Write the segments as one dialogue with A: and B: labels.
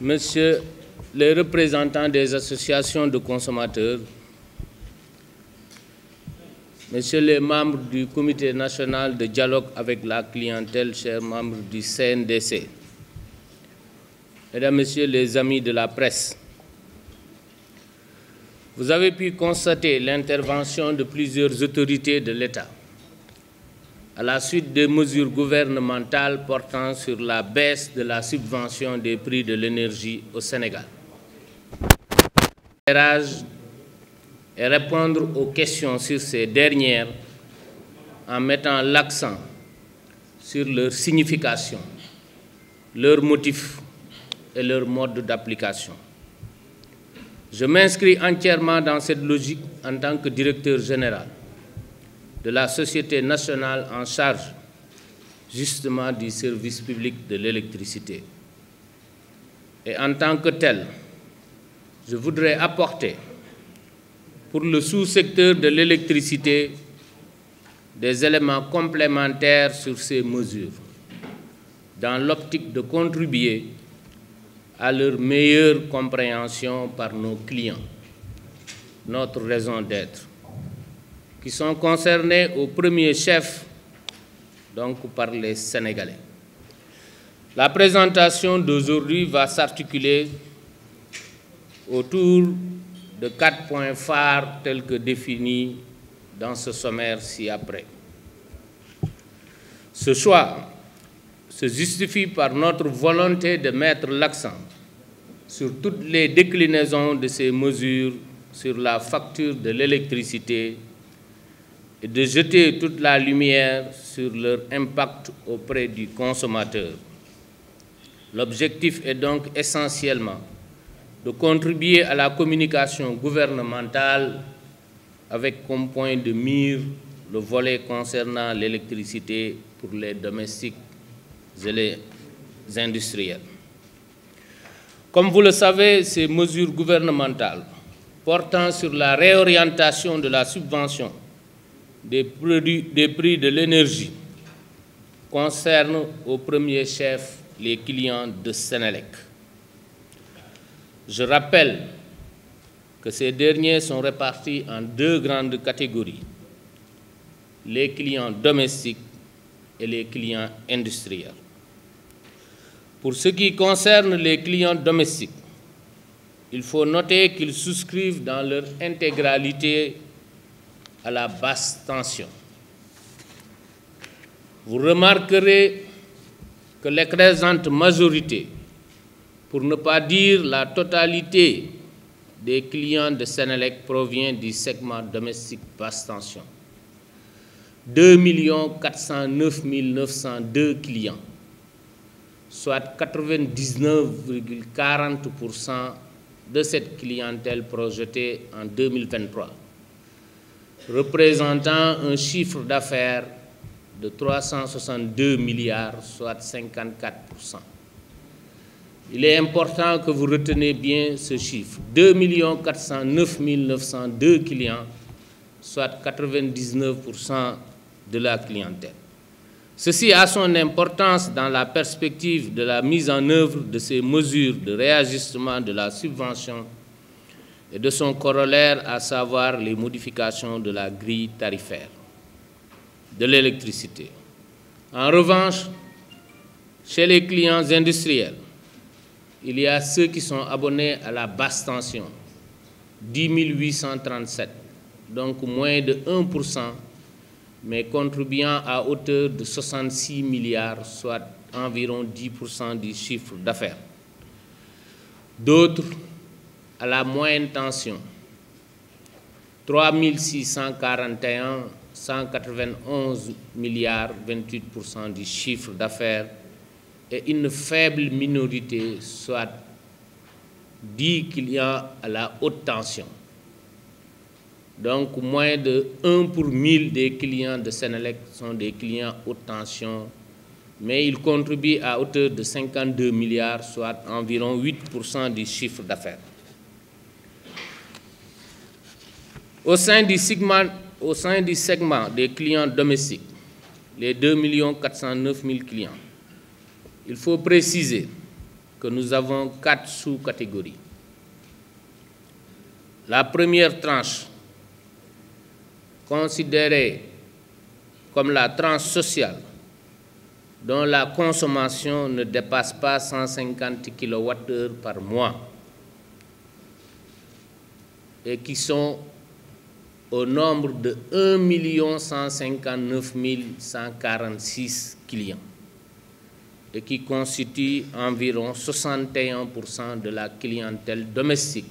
A: Monsieur les représentant des associations de consommateurs, Messieurs les membres du Comité national de dialogue avec la clientèle, chers membres du CNDC, Mesdames, Messieurs les amis de la presse, vous avez pu constater l'intervention de plusieurs autorités de l'État à la suite des mesures gouvernementales portant sur la baisse de la subvention des prix de l'énergie au Sénégal. Et répondre aux questions sur ces dernières en mettant l'accent sur leur signification, leurs motifs et leur mode d'application. Je m'inscris entièrement dans cette logique en tant que directeur général de la Société nationale en charge justement du service public de l'électricité. Et en tant que tel, je voudrais apporter pour le sous-secteur de l'électricité des éléments complémentaires sur ces mesures dans l'optique de contribuer à leur meilleure compréhension par nos clients, notre raison d'être. qui sont concernés au premier chef donc par les Sénégalais. La présentation d'aujourd'hui va s'articuler autour de quatre points phares tels que définis dans ce sommaire ci-après. Ce choix se justifie par notre volonté de mettre l'accent sur toutes les déclinaisons de ces mesures sur la facture de l'électricité et de jeter toute la lumière sur leur impact auprès du consommateur. L'objectif est donc essentiellement de contribuer à la communication gouvernementale avec comme point de mire le volet concernant l'électricité pour les domestiques et les industriels. Comme vous le savez, ces mesures gouvernementales portant sur la réorientation de la subvention des, produits, des prix de l'énergie concerne au premier chef les clients de Sénélec. Je rappelle que ces derniers sont répartis en deux grandes catégories, les clients domestiques et les clients industriels. Pour ce qui concerne les clients domestiques, il faut noter qu'ils souscrivent dans leur intégralité à la basse tension. Vous remarquerez que pour ne pas dire la totalité des clients de Sénélec provient du segment domestique basse tension. 2 409 902 clients, soit 99,40% de cette clientèle projetée en 2023. représentant un chiffre d'affaires de 362 milliards, soit 54 Il est important que vous reteniez bien ce chiffre. 2 409 902 clients, soit 99 de la clientèle. Ceci a son importance dans la perspective de la mise en œuvre de ces mesures de réajustement de la subvention et de son corollaire, à savoir les modifications de la grille tarifaire de l'électricité. En revanche, chez les clients industriels, il y a ceux qui sont abonnés à la basse tension, donc moins de 1%, mais contribuant à hauteur de 66 milliards, soit environ 10% du chiffre d'affaires. D'autres à la moyenne tension 3641 191 milliards 28 pour cent du chiffre d'affaires et une faible minorité soit 10 clients à la haute tension donc moins de 1 pour 1000 des clients de Senelec sont des clients haute tension mais ils contribuent à hauteur de 52 milliards soit environ 8 pour cent du chiffre d'affaires Au sein du segment, au sein du segment des clients domestiques, les 2 409 000 clients, il faut préciser que nous avons quatre sous-catégories. La première tranche, considérée comme la tranche sociale, dont la consommation ne dépasse pas 150 kWh par mois et qui sont au nombre de 1 159 146 clients, et qui constitue environ 61% de la clientèle domestique,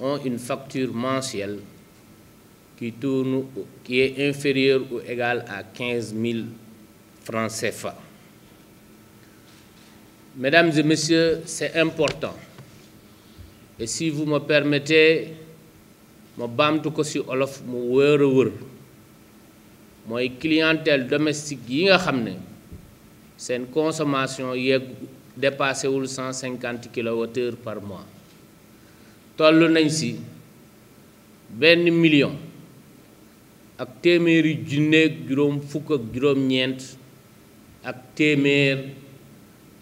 A: ont une facture mensuelle qui, tourne, qui est inférieure ou égale à 15 000 francs CFA. Mesdames et messieurs, c'est important. Et si vous me permettez, ma baamtu ko ci olof mu wër mooy clientèle domestique yi nga xam ne seen consommation yegg dépassé wul 150 kilowattheure par mois toll nañ ci benn million ak téeméeri junneeg juróom fukk ak juróom-ñeent ak téeméer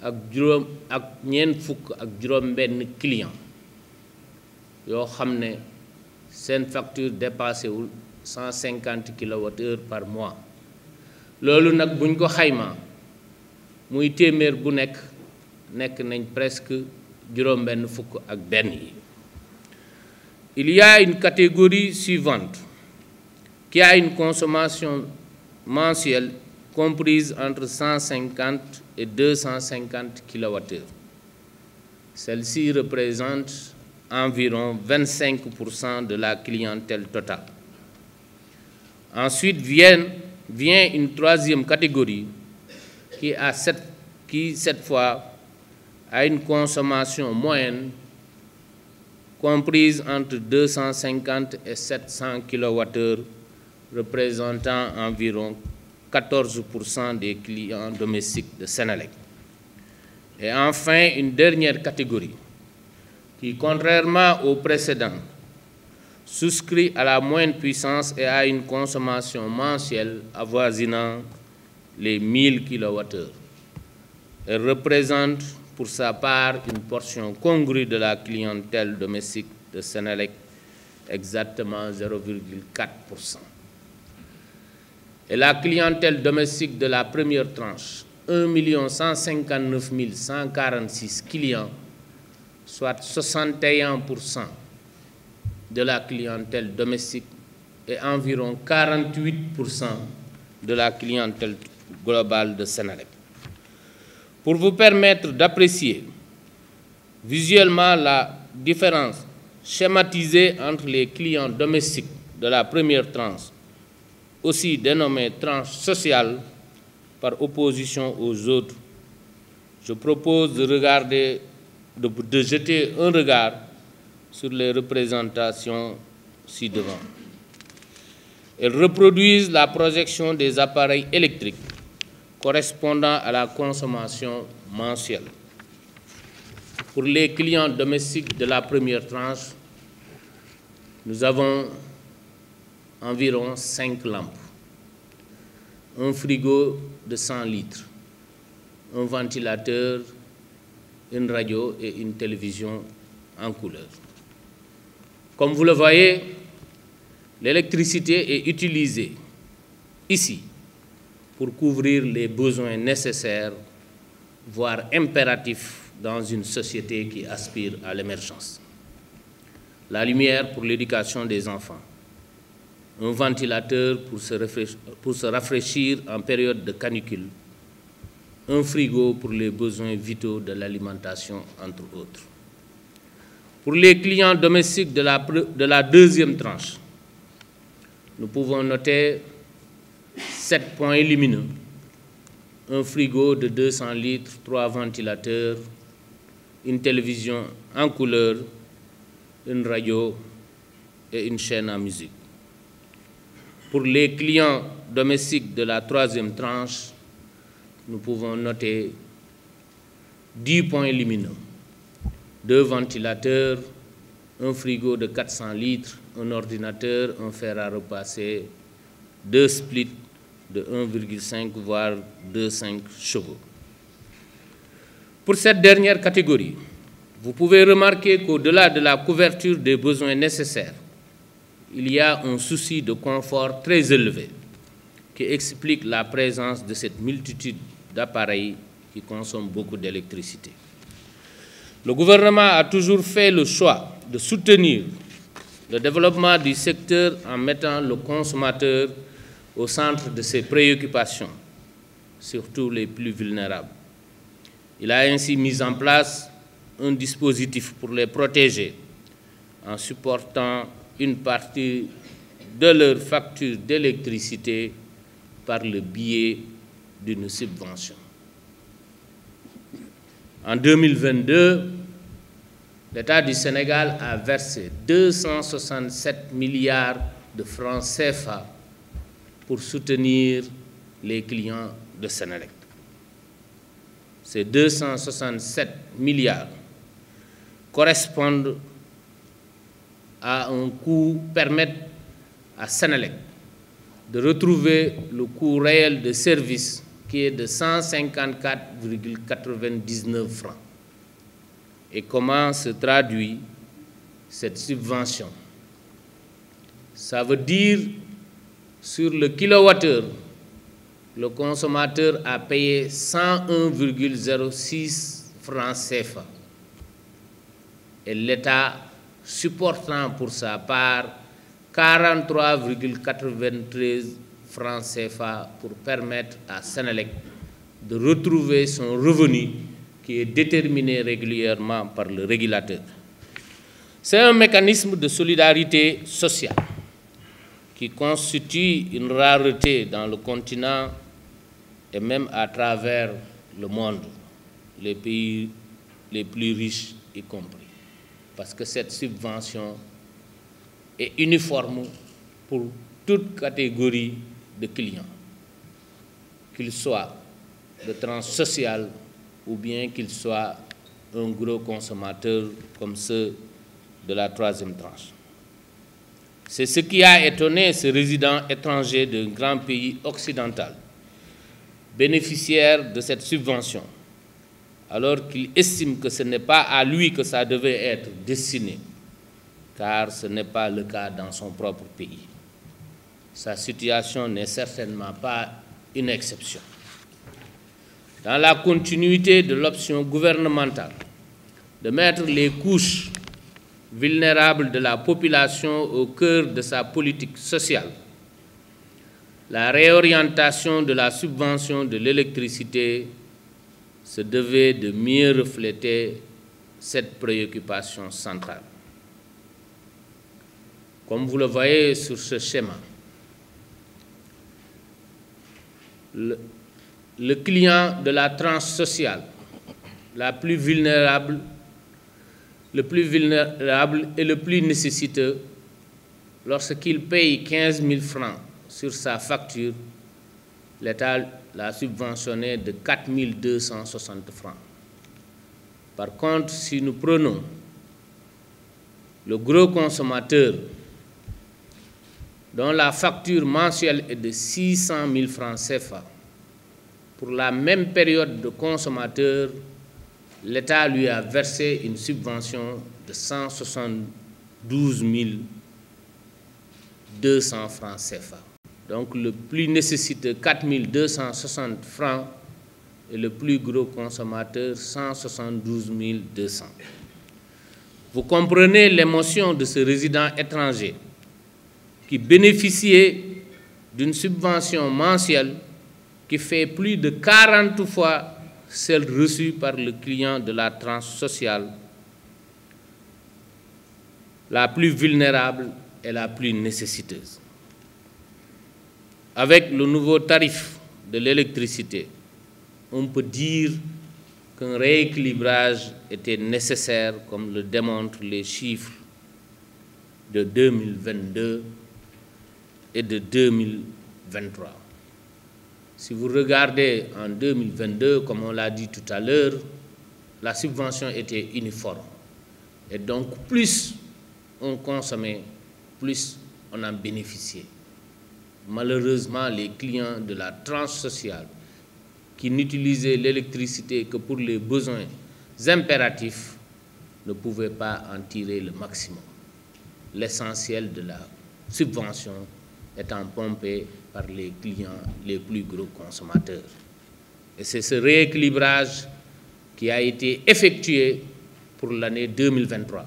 A: ak juróom ak ñeent fukk ak juróom benn client yoo xam ne seen facture dépassé wul cent cinquante kilowattheure par mois loolu nag buñ ko xaymaa muy téeméer bu nekk nekk nañ presque juróom-benn fukk ak benn yi il y a une catégorie suivante qui a une consommation mensuelle comprise entre 150 et 250 kilowattheures. Celle-ci représente environ 25% de la clientèle totale. Ensuite vient, vient une troisième catégorie qui, a cette, qui, cette fois, a une consommation moyenne comprise entre 250 et 700 kWh, représentant environ 14% des clients domestiques de Sénélec. Et enfin, une dernière catégorie qui, contrairement au précédent, souscrit à la moindre puissance et à une consommation mensuelle avoisinant les 1000 kWh. Elle représente pour sa part une portion de la clientèle domestique de Sénélec, exactement 0,4%. Et la clientèle domestique de la première tranche, 1 159 146 clients soit 61 pour cent de la clientèle domestique et environ 48 pour cent de la clientèle globale de Senelec. Pour vous permettre d'apprécier visuellement la différence schématisée entre les clients domestiques de la première tranche, aussi dénommée tranche sociale, par opposition aux autres, je de, de jeter un regard sur les représentations ci-devant. Elles reproduisent la projection des appareils électriques correspondant à la consommation mensuelle. Pour les clients domestiques de la première tranche, nous avons environ 5 lampes, un frigo de 100 litres, un ventilateur une radio et une télévision en couleur. Comme vous le voyez, l'électricité est utilisée ici pour couvrir les besoins nécessaires, voire impératifs, dans une société qui aspire à l'émergence. La lumière pour l'éducation des enfants, un ventilateur pour se, pour se rafraîchir en période de canicule, un frigo pour les besoins vitaux de l'alimentation, entre autres. Pour les clients domestiques de la, de la deuxième tranche, nous pouvons noter sept points lumineux. Un frigo de 200 litres, trois ventilateurs, une télévision en couleur, une radio et une chaîne à musique. Pour les clients domestiques de la troisième tranche, nous pouvons noter 10 points lumineux, deux ventilateurs, un frigo de 400 litres, un ordinateur, un fer à repasser, deux splits de 1,5 voire 2,5 chevaux. Pour cette dernière catégorie, vous pouvez remarquer qu'au-delà de la couverture des besoins nécessaires, il y a un souci de confort très élevé qui explique la présence de cette multitude d'appareils qui consomment beaucoup d'électricité. Le gouvernement a toujours fait le choix de soutenir le développement du secteur en mettant le consommateur au centre de ses préoccupations, surtout les plus vulnérables. Il a ainsi mis en place un dispositif pour les protéger en supportant une partie de leur facture d'électricité par le biais d'une subvention. En 2022, l'État du Sénégal a versé 267 de francs CFA pour soutenir les clients de Sénélec. Ces 267 milliards correspondent à un coût, permettent à Sénélec de retrouver le coût réel de service qui est de 154,99 francs. Et comment se traduit cette subvention Ça veut dire sur le kilowattheure, le consommateur a payé 101,06 francs CFA. Et l'État supportant pour sa part 43,93 francs CFA pour permettre à Sénélec de retrouver son revenu qui est déterminé régulièrement par le régulateur. C'est un mécanisme de solidarité sociale qui constitue une rareté dans le continent et même à travers le monde, les pays les plus riches y compris. Parce que cette subvention est uniforme pour toute catégorie de clients, qu'ils soient de tranche sociale ou bien qu'ils soient un gros consommateur comme ceux de la troisième tranche. C'est ce qui a étonné ce résident étranger d'un grand pays occidental, bénéficiaire de cette subvention, alors qu'il estime que ce n'est pas à lui que ça devait être destiné, car ce n'est pas le cas dans son propre pays. sa situation n'est certainement pas une exception. Dans la continuité de l'option gouvernementale de mettre les couches vulnérables de la population au cœur de sa politique sociale, la réorientation de la subvention de l'électricité se devait de mieux refléter cette préoccupation centrale. Comme vous le voyez sur ce schéma, le, le client de la tranche sociale la plus vulnérable, le plus vulnérable et le plus nécessiteux, lorsqu'il paye 15 000 francs sur sa facture, l'État l'a subventionné de 4 260 francs. Par contre, si nous prenons le gros consommateur dont la facture mensuelle est de 600 000 francs CFA. Pour la même période de consommateur, l'État lui a versé une subvention de 172 200 francs CFA. Donc le plus nécessiteux 4 260 francs et le plus gros consommateur 172 200. Vous comprenez l'émotion de ce résident étranger qui bénéficiaient d'une subvention mensuelle qui fait plus de 40 fois celle reçue par le client de la tranche sociale, la plus vulnérable et la plus nécessiteuse. Avec le nouveau tarif de l'électricité, on peut dire qu'un rééquilibrage était nécessaire, comme le démontrent les chiffres de 2022 et de 2023. Si vous regardez en 2022, comme on l'a dit tout à l'heure, la subvention était uniforme. Et donc, plus on consommait, plus on en bénéficiait. Malheureusement, les clients de la tranche sociale qui n'utilisaient l'électricité que pour les besoins impératifs ne pouvaient pas en tirer le maximum. L'essentiel de la subvention étant pompés par les clients les plus gros consommateurs. Et c'est ce rééquilibrage qui a été effectué pour l'année 2023.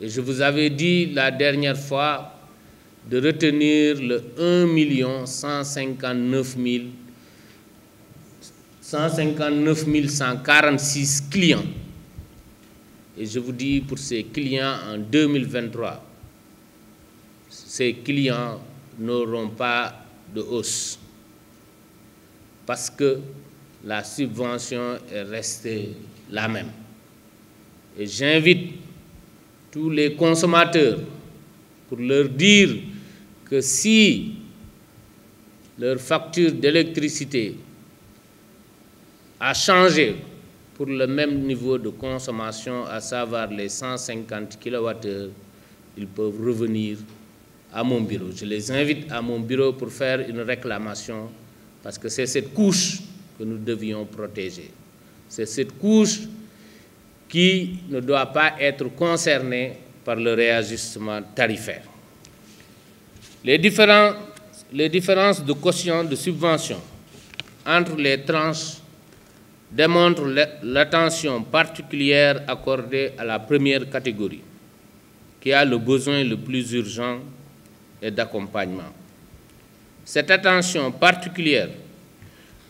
A: Et je vous avais dit la dernière fois de retenir le 1 159 000 159 146 clients. Et je vous pour ces clients en 2023, ces clients n'auront pas de hausse parce que la subvention est restée la même. Et j'invite tous les consommateurs pour leur dire que si leur facture d'électricité à changé pour le même niveau de consommation, à savoir les 150 kWh, ils peuvent revenir à mon bureau. Je les invite à mon bureau pour faire une réclamation parce que c'est cette couche que nous devions protéger. C'est cette couche qui ne doit pas être concernée par le réajustement tarifaire. Les, différents, les différences de caution de subvention entre les tranches démontrent l'attention particulière accordée à la première catégorie, qui a le besoin le plus urgent et d'accompagnement. Cette attention particulière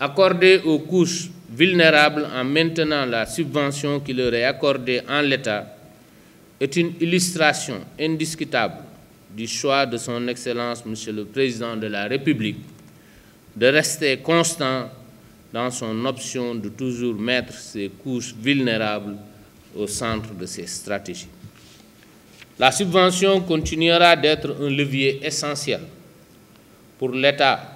A: accordée aux couches vulnérables en maintenant la subvention qui leur est accordée en l'État est une illustration indiscutable du choix de son Excellence Monsieur le Président de la République de rester constant dans son option de toujours mettre ces couches vulnérables au centre de ses stratégies. La subvention continuera d'être un levier essentiel pour l'État,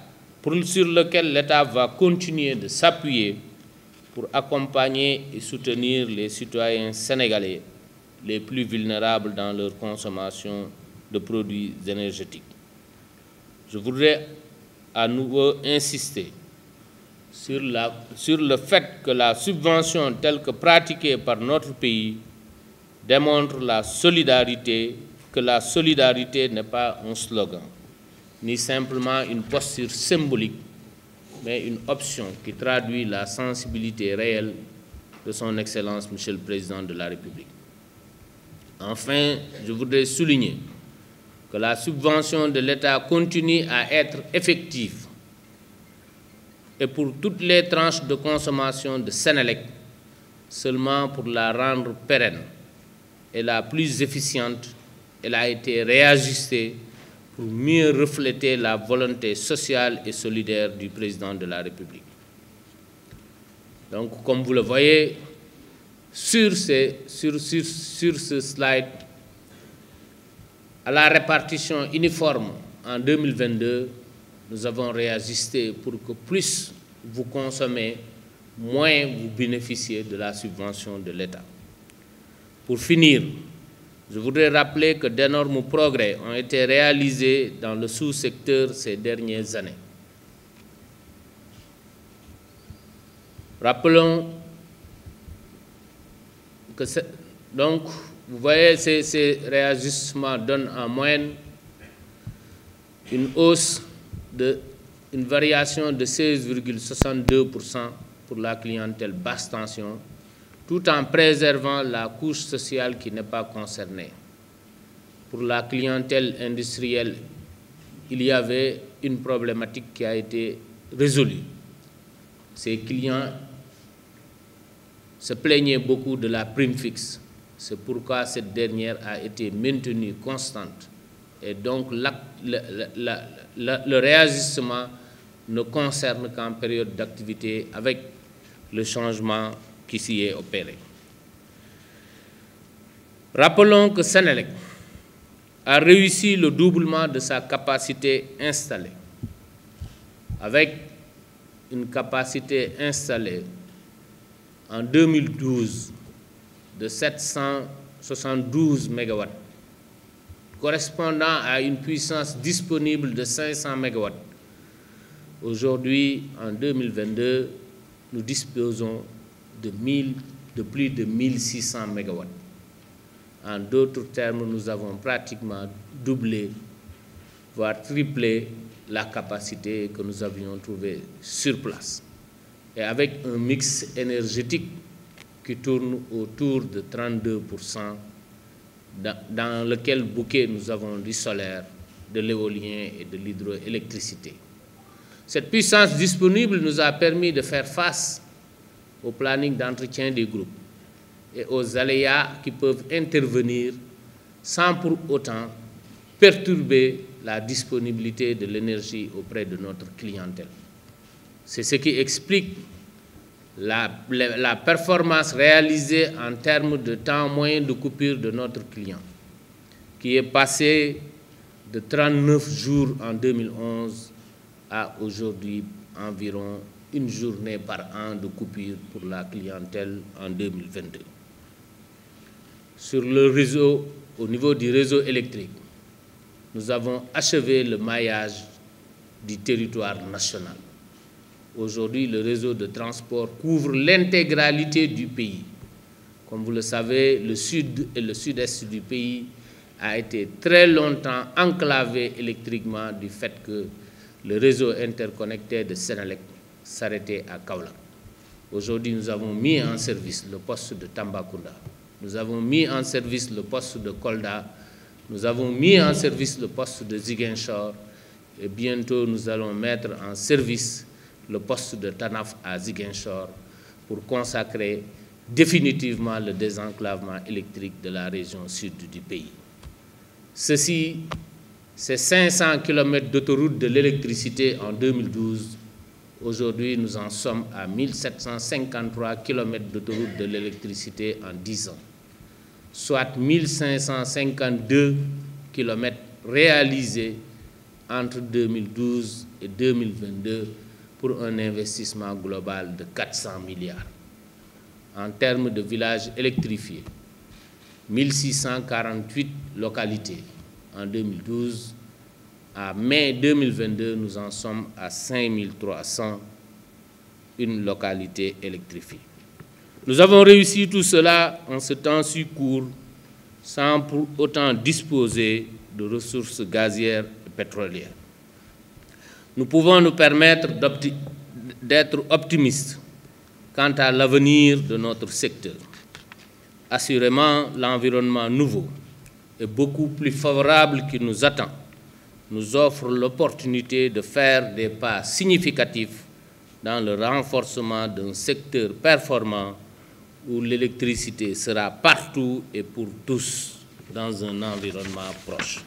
A: sur lequel l'État va continuer de s'appuyer pour accompagner et soutenir les citoyens sénégalais les plus vulnérables dans leur consommation de produits énergétiques. Je voudrais à nouveau insister sur, la, sur le fait que la subvention telle que pratiquée par notre pays démontre la solidarité, que la solidarité n'est pas un slogan, ni simplement une posture symbolique, mais une option qui traduit la sensibilité réelle de son Excellence, Monsieur le Président de la République. Enfin, je voudrais souligner que la subvention de l'État continue à être effective et pour toutes les tranches de consommation de Sénélec, seulement pour la rendre pérenne est la plus efficiente. Elle a été réajustée pour mieux refléter la volonté sociale et solidaire du président de la République. Donc, comme vous le voyez, sur, sur, sur, à la répartition uniforme en 2022, nous avons réajusté pour que plus vous consommez, moins vous de la subvention de l'État. Pour finir, je voudrais rappeler que d'énormes progrès ont été réalisés dans le sous-secteur ces dernières années. Rappelons que, donc, vous voyez, ces, ces réajustements donnent en moyenne une hausse de, une variation de 16,62% pour la clientèle basse tout en préservant la couche sociale qui n'est pas concernée. Pour la clientèle industrielle, il y avait une problématique qui a été résolue. Ces clients se plaignaient beaucoup de la prime fixe. C'est pourquoi cette dernière a été maintenue constante. Et donc la, la, la, le réajustement ne concerne qu'en période d'activité avec le changement qui s'y est opéré. Rappelons que Sénélec a réussi le doublement de sa capacité installée, avec une capacité installée en 2012 de 772 MW, correspondant à une puissance disponible de 500 MW. Aujourd'hui, en 2022, nous disposons de, 1000, de plus de 1600 MW. En d'autres termes, nous avons pratiquement doublé, voire triplé la capacité que nous avions trouvée sur place. Et avec un mix énergétique qui tourne autour de 32%, dans lequel bouquet nous avons du solaire, de l'éolien et de l'hydroélectricité. Cette puissance disponible nous a permis de faire face au planning d'entretien des groupes et aux aléas qui peuvent intervenir sans pour autant perturber la disponibilité de l'énergie auprès de notre clientèle. C'est qui explique la, la, la, performance réalisée en termes de temps moyen de coupure de notre client, qui est passé de 39 jours en 2011 à aujourd'hui environ une journée par an de coupure pour la clientèle en 2022. Sur le réseau, au niveau du réseau électrique, nous avons achevé le maillage du territoire national. Aujourd'hui, le réseau de transport couvre l'intégralité du pays. Comme vous le savez, le sud et le sud-est du pays a été très longtemps enclavé électriquement du fait que le réseau interconnecté de Sénélec s'arrêter à Kaolack. Aujourd'hui, nous avons mis en service le poste de Tambacounda. Nous avons mis en service le poste de Kolda. Nous avons mis en service le poste de Ziguinchor. Et bientôt, nous allons mettre en service le poste de Tanaf à Ziguinchor pour consacrer définitivement le désenclavement électrique de la région sud du pays. Ceci, c'est 500 km d'autoroute de l'électricité en Aujourd'hui, nous en sommes à 1753 km d'autoroute de l'électricité en 10 ans, soit 1552 km réalisés entre 2012 et 2022 pour un investissement global de 400 milliards. En termes de villages électrifiés, 1648 localités en 2012 À mai 2022, nous en sommes à 5300, une localité électrifiée. Nous avons réussi tout cela en ce temps si court, sans pour autant disposer de ressources gazières et pétrolières. Nous pouvons nous permettre d'être optimistes quant à l'avenir de notre secteur. Assurément, l'environnement nouveau est beaucoup plus favorable qu'il nous attend nous offre l'opportunité de faire des pas significatifs dans le renforcement d'un secteur performant où l'électricité sera partout et pour tous dans un environnement proche.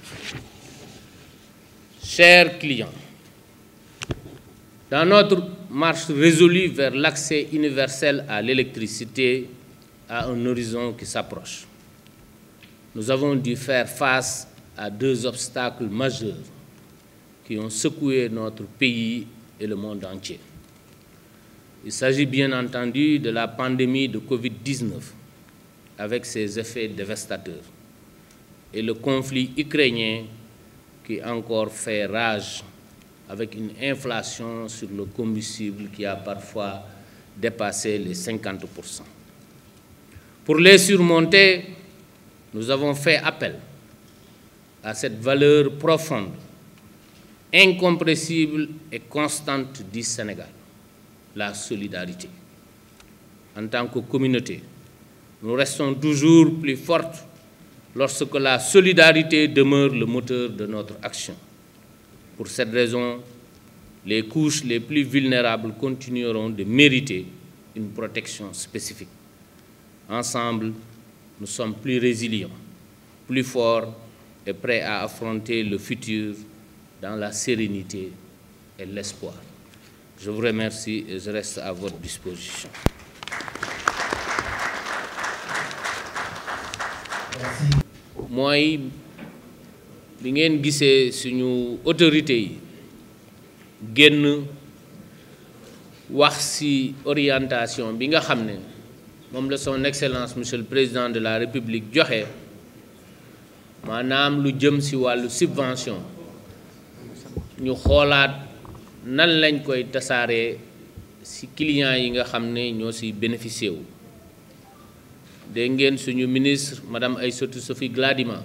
A: Chers clients, dans notre marche résolue vers l'accès universel à l'électricité à un horizon qui s'approche, nous avons dû faire face à deux obstacles majeurs qui ont secoué le monde entier. Il de la pandémie de Covid-19 avec ses effets le conflit ukrainien qui encore fait inflation sur le combustible qui a parfois dépassé les 50%. Pour les surmonter, nous avons fait appel incompressible et constante du Sénégal, la solidarité. En tant que communauté, nous restons toujours plus fortes lorsque la solidarité demeure le moteur de notre action. Pour cette raison, les couches les plus vulnérables continueront de mériter une protection spécifique. Ensemble, nous sommes plus résilients, plus forts et prêts à affronter le futur dans la sérénité et l'espoir. Je vous remercie et je reste à votre disposition. mooy li ngeen gisee suñu autorité yi génn wax ci orientation bi nga xam ne moom la son excellence monsieur le président de la république joxe maanaam lu jëm ci wàllu subvention ñu xoolaat nan lañ koy tasaaree ci clients yi nga xam ne ñoo ci bénéficié wu dégg ngeen suñu ministre madame Aïssatou Sophie Gladima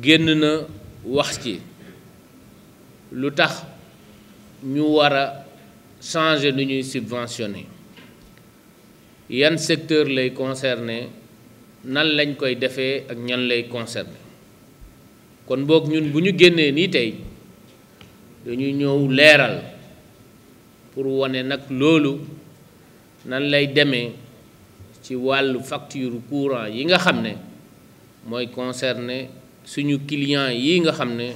A: génn na wax ci lu tax ñu war a changer nu ñuy subventionné yan secteur lay concerné nan lañ koy defee ak ñan lay concerné kon boog ñun bu ñu génnee nii tey dañu ñëw leeral pour wane nag loolu nan lay demee ci wàllu facture courant yi nga xam ne mooy concerné suñu client yi nga xam ne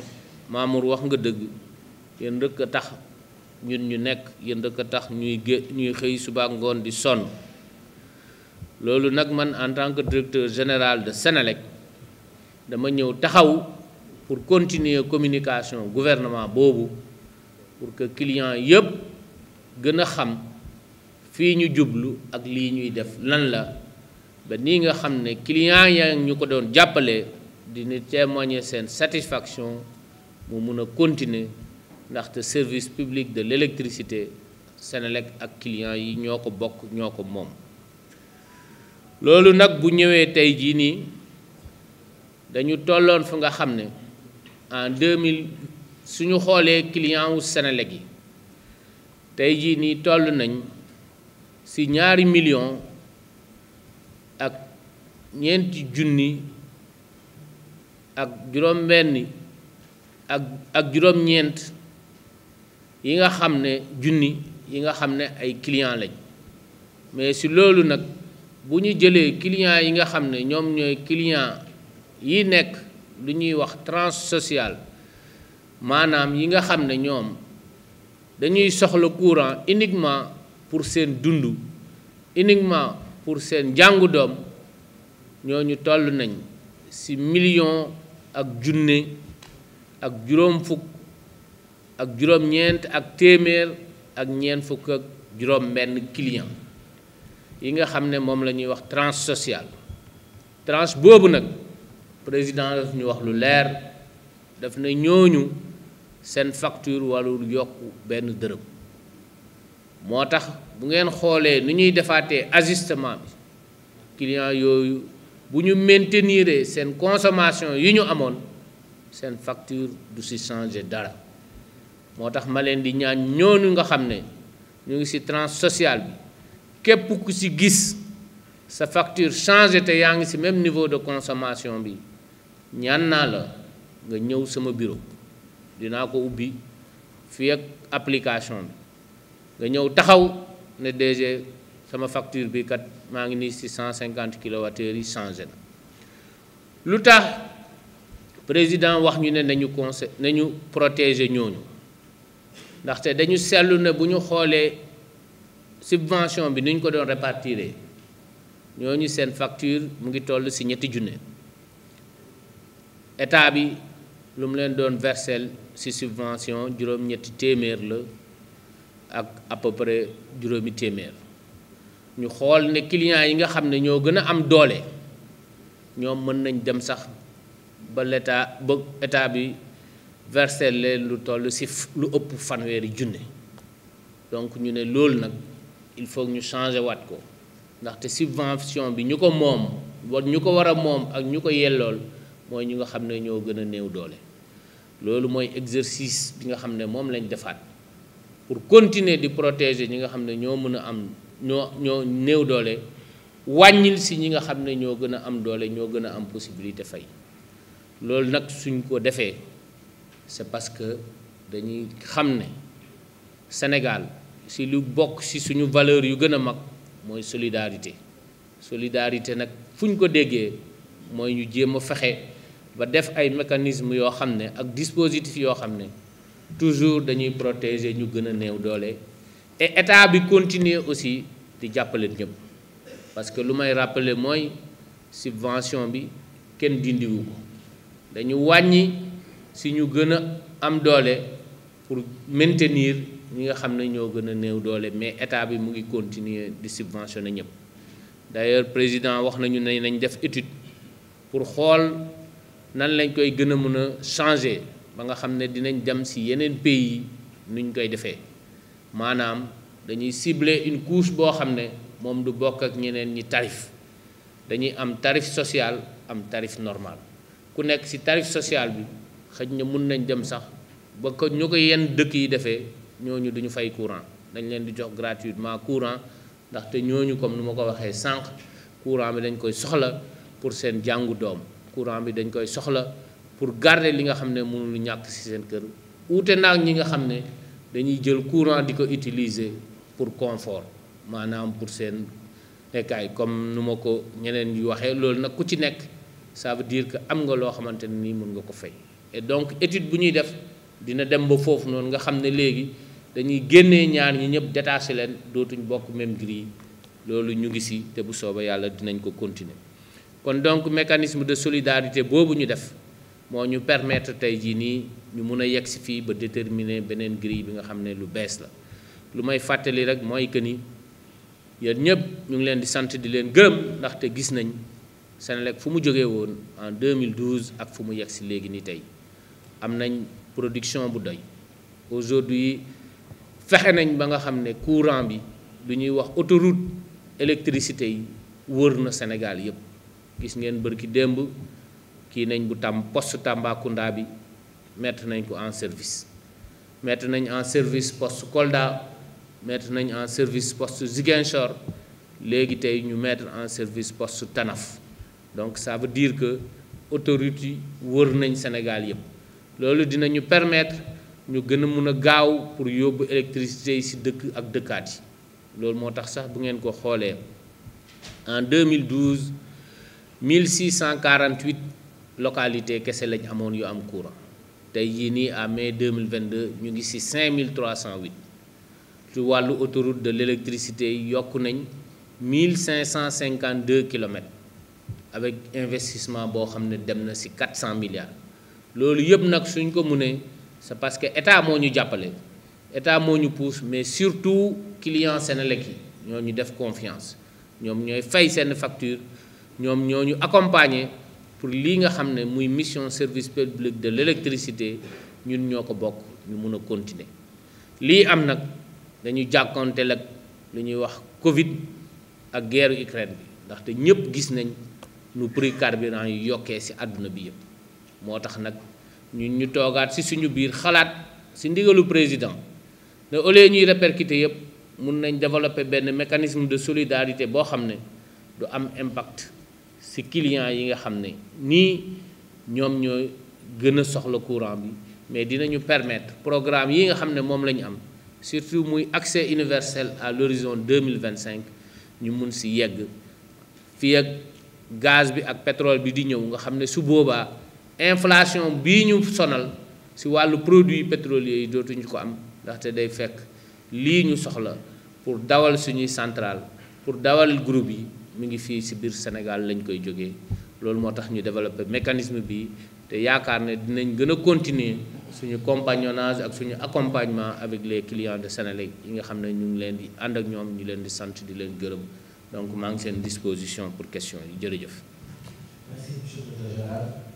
A: Mamour wax nga dëgg yéen rëkk a tax ñun ñu nekk yéen rëkk a tax ñuy gé ñuy xëy suba ngoon di sonn loolu nag man en tant que directeur général de Sénélec dama ñëw taxaw pour continuer communication gouvernement boobu pour que client yëpp gën a xam fii ñu jublu ak lii ñuy def lan la ba nii nga xam ne client yaa ñu ko doon jàppale dina témoigner seen satisfaction mu mun a continuer ndaxte service public de l'électricité Sénélec ak client yi ñoo ko bokk ñoo ko moom loolu nag bu ñëwee tey jii nii dañu tolloon fu nga xam ne en 2000 suñu xoolee client wu Senelec yi tey jii nii toll nañ si ñaari million ak ñeenti junni ak juróom-benn ak ak juróom-ñeent yi nga xam ne junni yi nga xam ne ay client lañ mais si loolu nag bu ñu jëlee client yi nga xam ne ñoom ñooy client yi nekk lu ñuy wax tranche sociale maanaam yi nga xam ne ñoom dañuy soxla courant uniquement pour seen dund uniquement pour seen jàngu doom ñooñu toll nañ ci million ak junne ak juróom fukk ak juróom-ñeent ak téeméer ak ñeent fukk ak juróom-benn client yi nga xam ne moom lañuy wax tranche sociale tranche boobu nag président daf ñu wax lu leer daf na ñooñu seen facture warul yokk benn dërëm moo tax bu ngeen xoolee ni ñuy defaatee ajustement bi client yooyu bu ñu maintenir seen consommation yi ñu amoon seen facture du si changer dara moo tax ma leen di ñaan ñooñu nga xam ne ñu ngi si tranche sociale bi képp ku ci gis sa facture changé te yaa ngi si même niveau de consommation bi ñaan naa la nga ñëw sama bureau dinaa ko ubbi fi ak application bi nga ñëw taxaw ne DG sama facture bi kat maa ngi nii ci 150 kilowattheures yi changé na lu tax président wax ñu ne nañu conseil nañu protéger ñooñu ndaxte dañu seetlu ne bu ñu xoolee subvention bi ni ñu ko doon ñoo ñooñu seen facture mu ngi toll ci ñetti junne état bi lu mu leen doon versel ci subvention juróom-ñetti téeméer la ak à peu juróomi téeméer ñu xool ne clients yi nga xam ne ñoo gën a am doole ñoom mën nañ dem sax ba l'état ba état bi versel leen lu toll ci lu ëpp fanweeri junne donc ñu ne loolu nag il faut ñu changer waat ko ndaxte subvention bi ñu ko moom war ñu ko war a moom ak ñu ko yellool mooy ñu nga xam ne ñoo gën a néew doole loolu mooy exercice bi nga xam ne moom lañ defaat pour continuer di protéger ñi nga xam ne ñoo mën a am ñoo ñoo néew doole wàññil si ñi nga xam ne ñoo gën a am doole ñoo gën a am possibilité fay loolu nag suñ ko defee c'est parce que dañuy xam ne Sénégal si lu bokk si suñu valeur yu gën a mag mooy solidarité solidarité nag fu ñu ko déggee mooy ñu jéem a fexe ba def ay mécanismes yoo xam ne ak dispositifs yoo xam ne toujours dañuy protéger ñu gën a néew doole et état bi continuer aussi di jàppale ñëpp parce que lu may rappeler mooy subvention bi kenn dindiwu ko dañu wàññi si ñu gën a am doole pour maintenir ñi nga xam ne ñoo gën a néew doole mais état bi mu ngi continuer di subventionner ñëpp d'ailleurs président wax nañu ne nañ def étude pour xool nan lañ koy gën a mën a changer ba nga xam ne dinañ dem ci yeneen pays nuñ koy defee maanaam dañuy cibler une couche boo xam ne moom du bokk ak ñeneen ñi tarif dañuy am tarif social am tarif normal ku nekk ci tarif social bi xëj na mun nañ dem sax ba ko ñu ko yenn dëkk yi defee ñooñu duñu fay courant dañ leen di jox gratuitement courant ndaxte ñooñu comme nu ma ko waxee sànq courant bi dañ koy soxla pour seen jàngu doom courant bi dañ koy soxla pour garder li nga xam ne mënul ñàkk si seen kër uute naag ñi nga xam ne dañuy jël courant di ko utiliser pour confort maanaam pour seen nekkaay comme nu ma ko ñeneen yu waxee loolu nag ku ci nekk ça veut dire que am nga loo xamante ne nii mun nga ko fay et donc étude bu ñuy def dina dem ba foofu noonu nga xam ne léegi dañuy génnee ñaar ñi ñëpp détaché leen dootuñ bokk même grille loolu ñu ngi si te bu soobee yàlla dinañ ko continuer kon donc mécanisme de solidarité boobu ñu def moo ñu permettre tey jii nii ñu mun a yegg si fii ba déterminer beneen grille bi nga xam ne lu bees la lu may fàttali rek mooy que ni yéen ñëpp ñu ngi leen di sant di leen gërëm ndaxte gis nañ Senelec fu mu jógee woon en 2012 ak fu mu yegg si léegi nii tey am nañ production bu doy aujourd'hui fexe nañ ba nga xam ne courant bi lu ñuy wax autoroute électricité yi wër na Sénégal yëpp gis ngeen bërki démb kii nañ bu tam poste Tambacounda bi mettre nañ ko en service mettre nañ en service poste Kolda mettre nañ en service poste Ziguinchor léegi tey ñu mettre en service poste Tanaf donc ça veut dire que autorités yi wër nañ Sénégal yépp loolu dinañu permettre ñu gën a mun a gaaw pour yóbbu électricité yi ci dëkk ak dëkkaat yi loolu moo tax sax bu ngeen ko xoolee en mille cent 1648 localités kese lañ amoon yu am courant tey jii nii à mai 2022 ñu ngi ci 5308 ci wàllu autoroute de l'électricité yokku nañ 1552 kilomètres avec investissement boo xam ne dem na ci 400 milliards loolu yëpp nag suñ ko mënee c'est parce que état moo ñu jàppale état moo ñu pousse mais surtout client Sénélec yi ñoo ñu def confiance ñoom ñooy fay seen facture ñoom ñoo ñu accompagner pour lii nga xam ne muy mission service public de l'électricité ñun ñoo ko bokk ñu mun a continuer. lii am nag dañu jàkkoonteel lag lu ñuy wax Covid ak guerre Ukraine bi ndaxte ñëpp gis nañ nu prix carburant yu yokkee ci àdduna bi yëpp moo tax nag ñun ñu toogaat ci suñu biir xalaat ci ndigalu président ne au lieu ñuy répercuter yëpp mun nañ développer benn mécanisme de solidarité boo xam ne du am impact si clients yi nga xam ne nii ñoom ñooy gën a soxla courant bi mais dinañu permettre programme yi nga xam ne moom la ñu am surtout muy accès universel à l'horizon 2025 ñu mun si yegg fi ak gaz bi ak pétrole bi di ñëw nga xam ne su boobaa inflation bii ñu sonal si wàllu produits pétroliers yi dootuñu ko am ndaxte day fekk lii ñu soxla pour dawal suñuy centrale pour dawal group yi mi ngi fii si biir Sénégal lañ koy jógee loolu moo tax ñu développé mécanisme bi te yaakaar ne dinañ gën a continuer suñu compagnonnage ak suñu accompagnement avec les clients de Sénélec yi nga xam ne ñu ngi leen di ànd ak ñoom ñu leen di sant di leen gërëm donc maa ngi seen disposition pour question yi jërëjëf. Merci